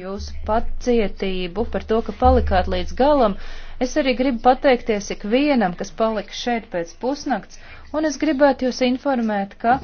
jūsu pacietību, par to, ka palikāt līdz galam. Es arī gribu pateikties ikvienam, kas palika šeit pēc pusnakts, un es gribētu jūs informēt, ka